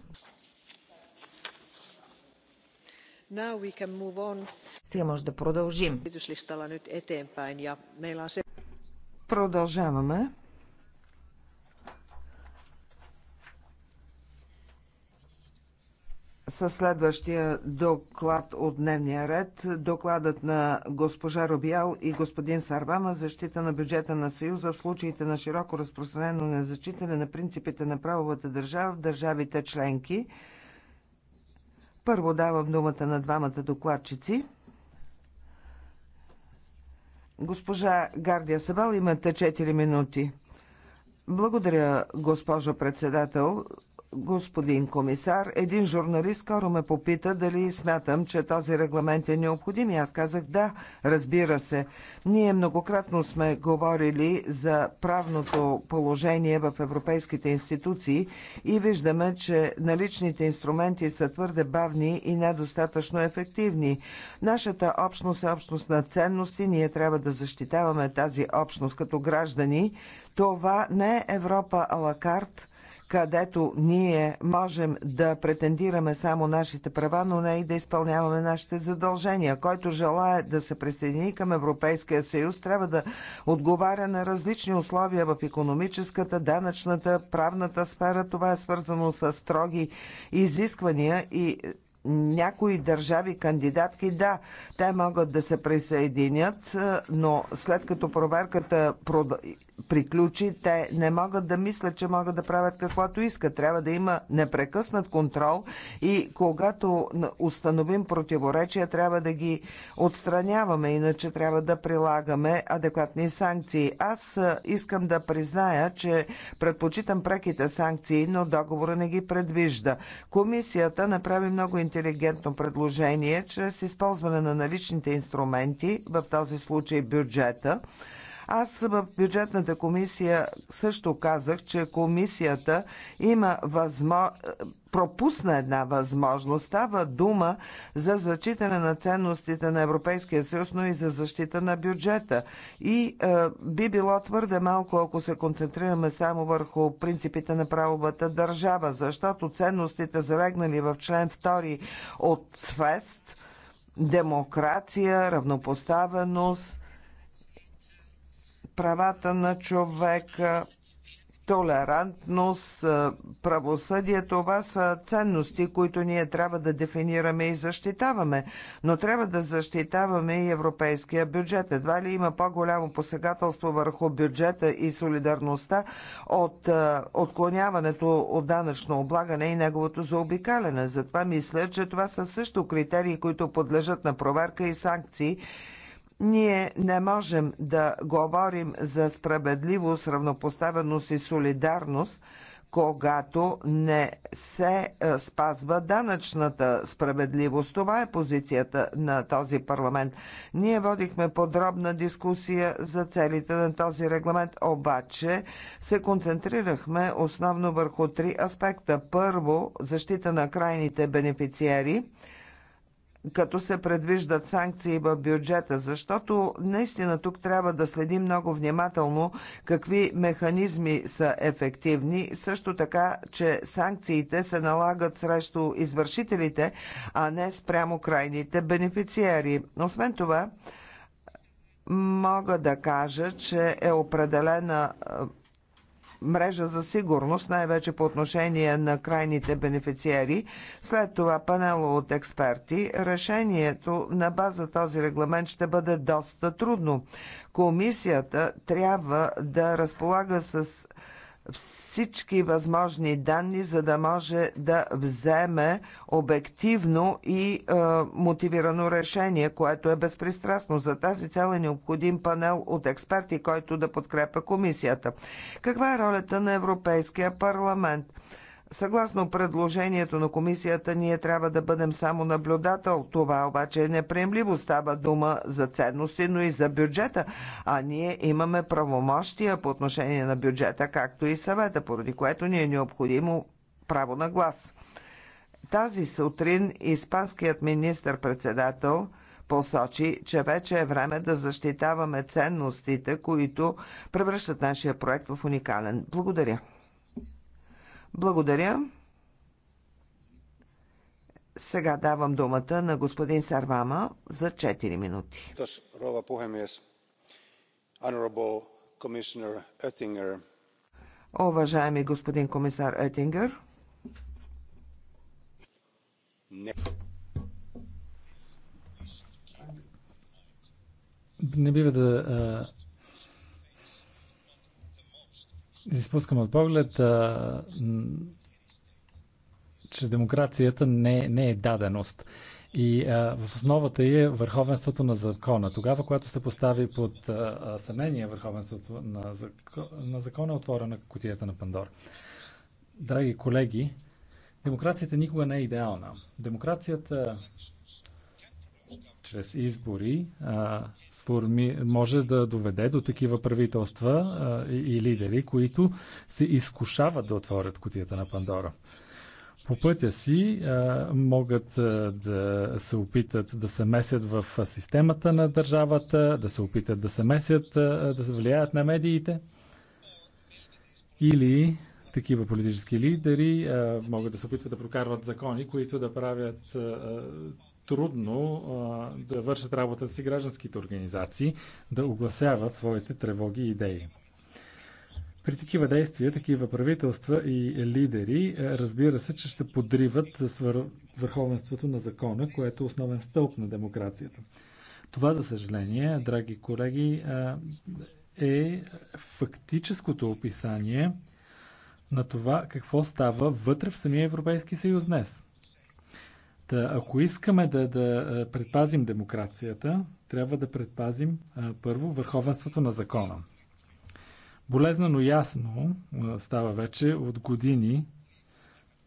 Сега може да продължим. Продължаваме със следващия доклад от дневния ред. Докладът на госпожа Робиал и господин Сарвама защита на бюджета на Съюза в случаите на широко разпространено незачитане на принципите на правовата държава в държавите членки. Първо давам думата на двамата докладчици. Госпожа Гардия Сабал, имате 4 минути. Благодаря, госпожо председател господин комисар. Един журналист скоро ме попита дали смятам, че този регламент е необходим. И аз казах да, разбира се. Ние многократно сме говорили за правното положение в европейските институции и виждаме, че наличните инструменти са твърде бавни и недостатъчно ефективни. Нашата общност е общност на ценности. Ние трябва да защитаваме тази общност като граждани. Това не е Европа алакарт, където ние можем да претендираме само нашите права, но не и да изпълняваме нашите задължения. Който желая да се присъедини към Европейския съюз, трябва да отговаря на различни условия в економическата, данъчната, правната сфера. Това е свързано с строги изисквания и някои държави кандидатки, да, те могат да се присъединят, но след като проверката приключи, те не могат да мислят, че могат да правят каквото искат. Трябва да има непрекъснат контрол и когато установим противоречия, трябва да ги отстраняваме, иначе трябва да прилагаме адекватни санкции. Аз искам да призная, че предпочитам преките санкции, но договора не ги предвижда. Комисията направи много интелигентно предложение чрез използване на наличните инструменти, в този случай бюджета, аз в бюджетната комисия също казах, че комисията има възможност пропусна една възможност. Става дума за зачитане на ценностите на Европейския съюз, но и за защита на бюджета. И е, би било твърде малко, ако се концентрираме само върху принципите на правовата държава, защото ценностите, залегнали в член 2 от ФЕСТ, демокрация, равнопоставеност, правата на човека, толерантност, правосъдие. Това са ценности, които ние трябва да дефинираме и защитаваме. Но трябва да защитаваме и европейския бюджет. Едва ли има по-голямо посегателство върху бюджета и солидарността от отклоняването от данъчно облагане и неговото заобикаляне. Затова мисля, че това са също критерии, които подлежат на проверка и санкции ние не можем да говорим за справедливост, равнопоставеност и солидарност, когато не се е, спазва данъчната справедливост. Това е позицията на този парламент. Ние водихме подробна дискусия за целите на този регламент, обаче се концентрирахме основно върху три аспекта. Първо, защита на крайните бенефициери – като се предвиждат санкции в бюджета, защото наистина тук трябва да следим много внимателно какви механизми са ефективни, също така, че санкциите се налагат срещу извършителите, а не спрямо крайните бенефициери. Освен това, мога да кажа, че е определена мрежа за сигурност, най-вече по отношение на крайните бенефициери, след това панело от експерти, решението на база този регламент ще бъде доста трудно. Комисията трябва да разполага с всички възможни данни, за да може да вземе обективно и е, мотивирано решение, което е безпристрастно. За тази цел е необходим панел от експерти, който да подкрепя комисията. Каква е ролята на Европейския парламент? Съгласно предложението на комисията, ние трябва да бъдем само наблюдател. Това обаче е неприемливо. Става дума за ценности, но и за бюджета. А ние имаме правомощия по отношение на бюджета, както и съвета, поради което ни е необходимо право на глас. Тази сутрин испанският министр-председател посочи, че вече е време да защитаваме ценностите, които превръщат нашия проект в уникален. Благодаря. Благодаря. Сега давам думата на господин Сарвама за 4 минути. Уважаеми господин комисар Етингер, не. не бива да изпускам от поглед, а, че демокрацията не, не е даденост. И а, в основата е върховенството на закона. Тогава, когато се постави под съмнение върховенството на, закона, на закона, е отворена котията на Пандор. Драги колеги, демокрацията никога не е идеална. Демокрацията чрез избори а, сформи, може да доведе до такива правителства а, и, и лидери, които се изкушават да отворят котията на Пандора. По пътя си а, могат а, да се опитат да се месят в системата на държавата, да се опитат да се месят, а, да се влияят на медиите или такива политически лидери а, могат да се опитват да прокарват закони, които да правят а, трудно а, да вършат работата си гражданските организации, да огласяват своите тревоги и идеи. При такива действия, такива правителства и лидери, е, разбира се, че ще подриват върховенството на закона, което е основен стълб на демокрацията. Това, за съжаление, драги колеги, е, е фактическото описание на това какво става вътре в самия Европейски съюз днес. Та, ако искаме да, да предпазим демокрацията, трябва да предпазим първо върховенството на закона. Болезнено ясно става вече от години,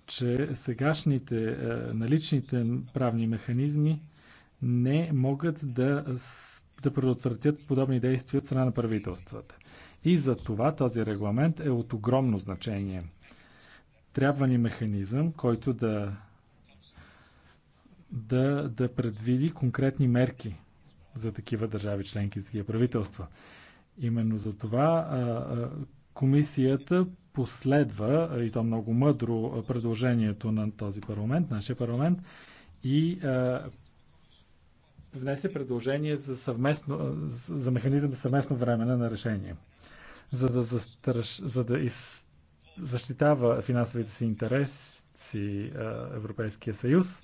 че сегашните наличните правни механизми не могат да, да предотвратят подобни действия от страна на правителствата. И за това този регламент е от огромно значение. Трябва ни механизъм, който да да, да предвиди конкретни мерки за такива държави членки, за такива правителства. Именно за това а, а, комисията последва, и то много мъдро, предложението на този парламент, нашия парламент, и а, внесе предложение за, съвместно, за механизъм за съвместно време на решение, за да, застраш, за да из, защитава финансовите си интереси Европейския съюз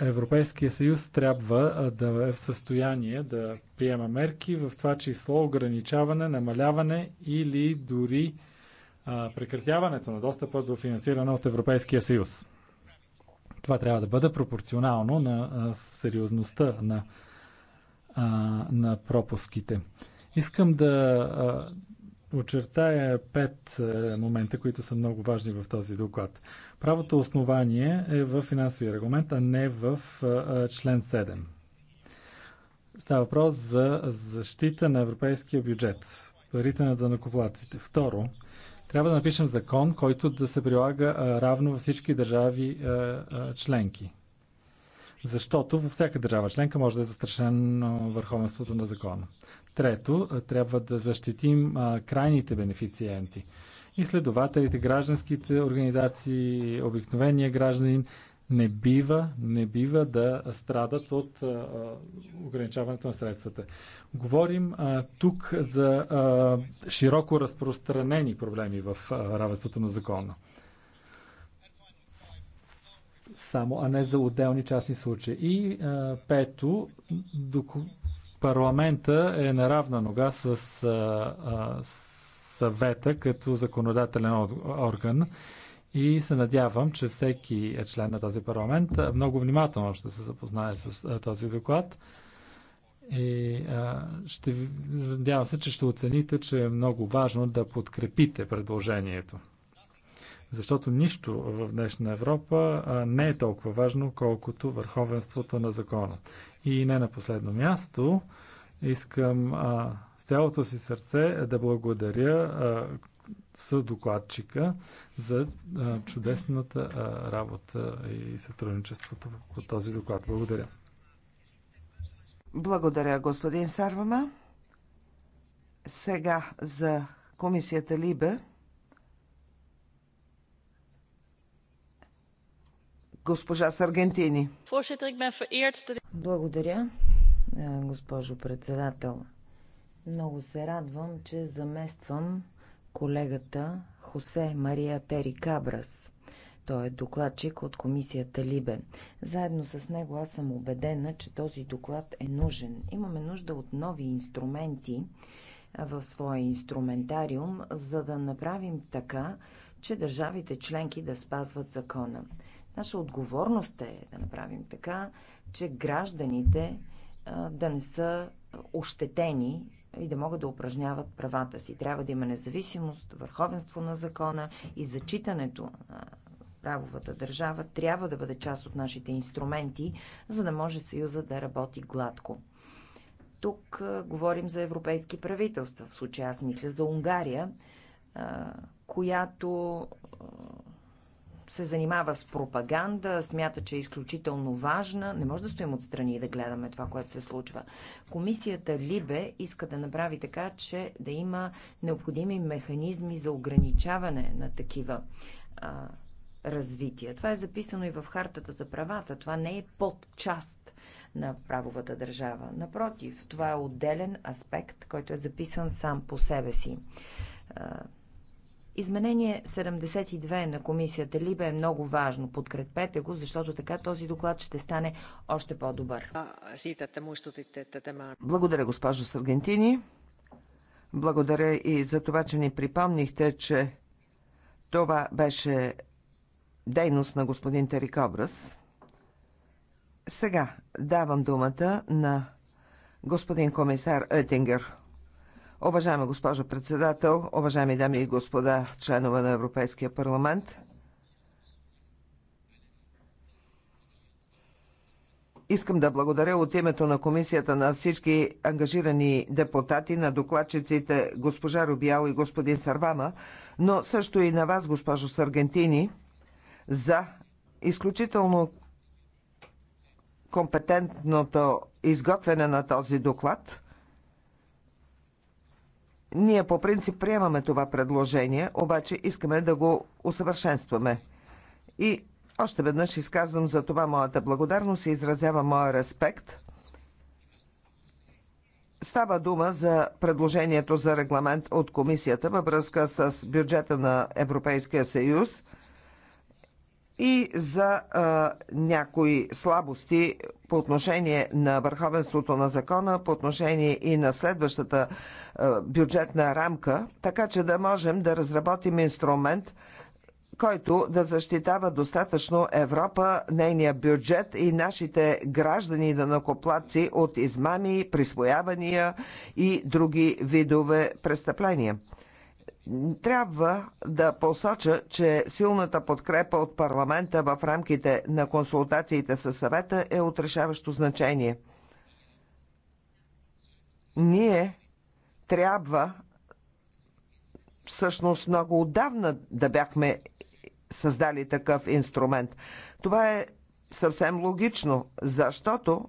Европейския съюз трябва да е в състояние да приема мерки, в това число ограничаване, намаляване или дори прекратяването на достъпа до финансиране от Европейския съюз. Това трябва да бъде пропорционално на сериозността на, на пропуските. Искам да очертая пет момента, които са много важни в този доклад. Правото основание е в финансовия регламент, а не в член 7. Става въпрос за защита на европейския бюджет, парите на данокоплаците. Второ, трябва да напишем закон, който да се прилага равно във всички държави членки. Защото във всяка държава членка може да е застрашено върховенството на закона. Трето, трябва да защитим крайните бенефициенти изследователите, гражданските организации, обикновения гражданин не бива, не бива да страдат от а, ограничаването на средствата. Говорим а, тук за а, широко разпространени проблеми в а, равенството на закона. Само, а не за отделни частни случаи. И а, пето, парламента е на равна нога с, а, а, с съвета като законодателен орган и се надявам, че всеки е член на този парламент много внимателно ще се запознае с този доклад. И ще, надявам се, че ще оцените, че е много важно да подкрепите предложението. Защото нищо в днешна Европа не е толкова важно, колкото върховенството на закона. И не на последно място, искам а, цялото си сърце е да благодаря с докладчика за чудесната работа и сътрудничеството по този доклад. Благодаря. Благодаря, господин Сарвама. Сега за комисията Либе. Госпожа Саргентини. Благодаря, госпожо председател. Много се радвам, че замествам колегата Хосе Мария Тери Кабрас. Той е докладчик от комисията Либе. Заедно с него аз съм убедена, че този доклад е нужен. Имаме нужда от нови инструменти в своя инструментариум, за да направим така, че държавите членки да спазват закона. Наша отговорност е да направим така, че гражданите да не са ощетени и да могат да упражняват правата си. Трябва да има независимост, върховенство на закона и зачитането на правовата държава трябва да бъде част от нашите инструменти, за да може Съюза да работи гладко. Тук говорим за европейски правителства. В случая аз мисля за Унгария, която се занимава с пропаганда, смята, че е изключително важна. Не може да стоим отстрани и да гледаме това, което се случва. Комисията Либе иска да направи така, че да има необходими механизми за ограничаване на такива а, развития. Това е записано и в Хартата за правата. Това не е подчаст на правовата държава. Напротив, това е отделен аспект, който е записан сам по себе си Изменение 72 на комисията Либе е много важно. Подкрепете го, защото така този доклад ще стане още по-добър. Благодаря, госпожо Саргентини. Благодаря и за това, че ни припомнихте, че това беше дейност на господин Терик Образ. Сега давам думата на господин комисар Етингер. Уважаема госпожа председател, уважаеми дами и господа, членове на Европейския парламент, Искам да благодаря от името на комисията на всички ангажирани депутати, на докладчиците госпожа Рубиал и господин Сарвама, но също и на вас, госпожо Саргентини, за изключително компетентното изготвяне на този доклад – ние по принцип приемаме това предложение, обаче искаме да го усъвършенстваме. И още веднъж изказвам за това моята благодарност и изразява моя респект. Става дума за предложението за регламент от комисията във връзка с бюджета на Европейския съюз – и за а, някои слабости по отношение на върховенството на закона, по отношение и на следващата а, бюджетна рамка, така че да можем да разработим инструмент, който да защитава достатъчно Европа, нейния бюджет и нашите граждани да накоплаци от измами, присвоявания и други видове престъпления. Трябва да посоча, че силната подкрепа от парламента в рамките на консултациите със съвета е от решаващо значение. Ние трябва всъщност много отдавна да бяхме създали такъв инструмент. Това е съвсем логично, защото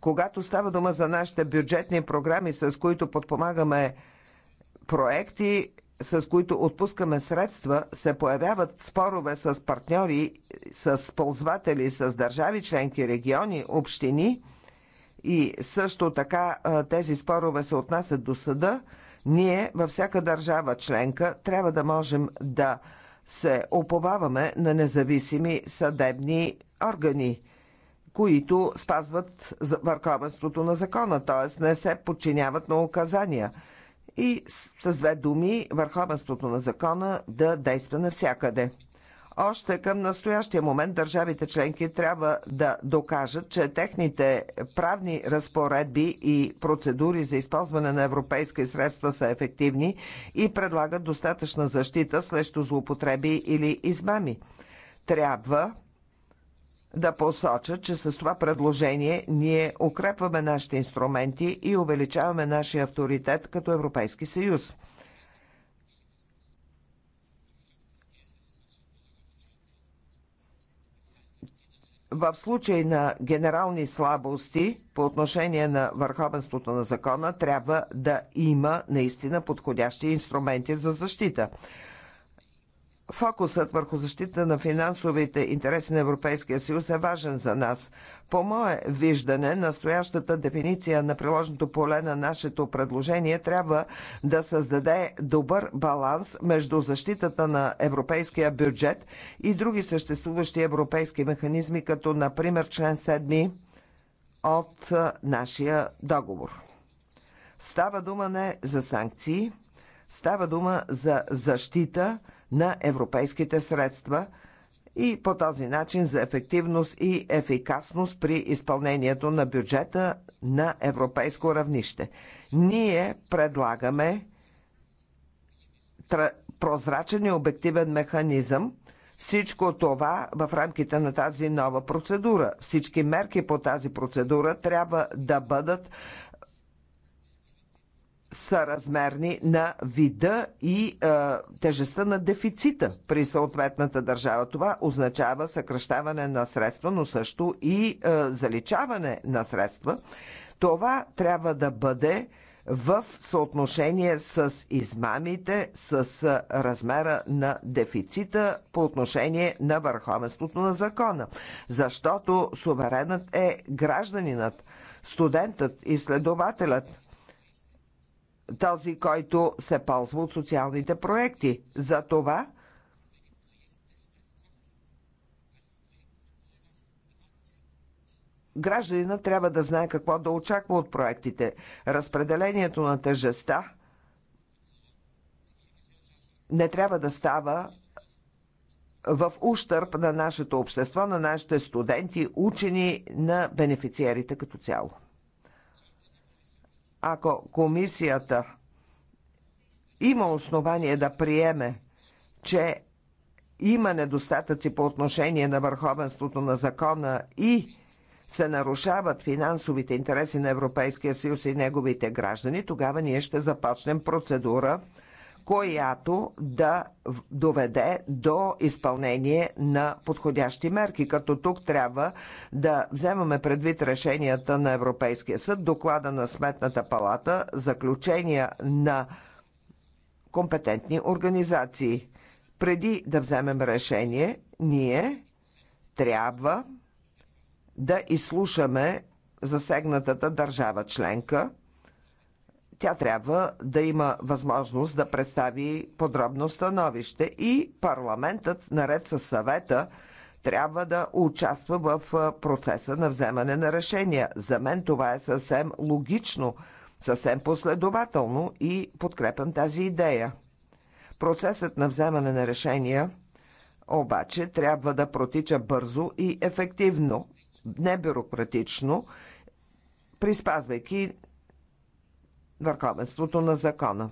когато става дума за нашите бюджетни програми, с които подпомагаме проекти, с които отпускаме средства, се появяват спорове с партньори, с ползватели, с държави, членки, региони, общини и също така тези спорове се отнасят до съда, ние във всяка държава членка трябва да можем да се оповаваме на независими съдебни органи, които спазват върховенството на закона, т.е. не се подчиняват на указания – и с две думи върховенството на закона да действа навсякъде. Още към настоящия момент държавите членки трябва да докажат, че техните правни разпоредби и процедури за използване на европейски средства са ефективни и предлагат достатъчна защита срещу злоупотреби или измами. Трябва да посоча, че с това предложение ние укрепваме нашите инструменти и увеличаваме нашия авторитет като Европейски съюз. в случай на генерални слабости по отношение на върховенството на закона трябва да има наистина подходящи инструменти за защита. Фокусът върху защита на финансовите интереси на Европейския съюз е важен за нас. По мое виждане, настоящата дефиниция на приложното поле на нашето предложение трябва да създаде добър баланс между защитата на европейския бюджет и други съществуващи европейски механизми, като например член 7 от нашия договор. Става дума не за санкции, става дума за защита – на европейските средства и по този начин за ефективност и ефикасност при изпълнението на бюджета на европейско равнище. Ние предлагаме прозрачен и обективен механизъм, всичко това в рамките на тази нова процедура. Всички мерки по тази процедура трябва да бъдат са размерни на вида и е, тежестта на дефицита при съответната държава. Това означава съкръщаване на средства, но също и е, заличаване на средства. Това трябва да бъде в съотношение с измамите, с е, размера на дефицита по отношение на върховенството на закона. Защото суверенът е гражданинът, студентът, и следователят този, който се ползва от социалните проекти. За това гражданина трябва да знае какво да очаква от проектите. Разпределението на тежеста не трябва да става в ущърп на нашето общество, на нашите студенти, учени, на бенефициерите като цяло. Ако комисията има основание да приеме, че има недостатъци по отношение на върховенството на закона и се нарушават финансовите интереси на Европейския съюз и неговите граждани, тогава ние ще започнем процедура която да доведе до изпълнение на подходящи мерки, като тук трябва да вземаме предвид решенията на Европейския съд, доклада на Сметната палата, заключения на компетентни организации. Преди да вземем решение, ние трябва да изслушаме засегнатата държава членка – тя трябва да има възможност да представи подробно становище и парламентът, наред с съвета, трябва да участва в процеса на вземане на решения. За мен това е съвсем логично, съвсем последователно и подкрепям тази идея. Процесът на вземане на решения обаче трябва да протича бързо и ефективно, небюрократично, приспазвайки върховенството на закона.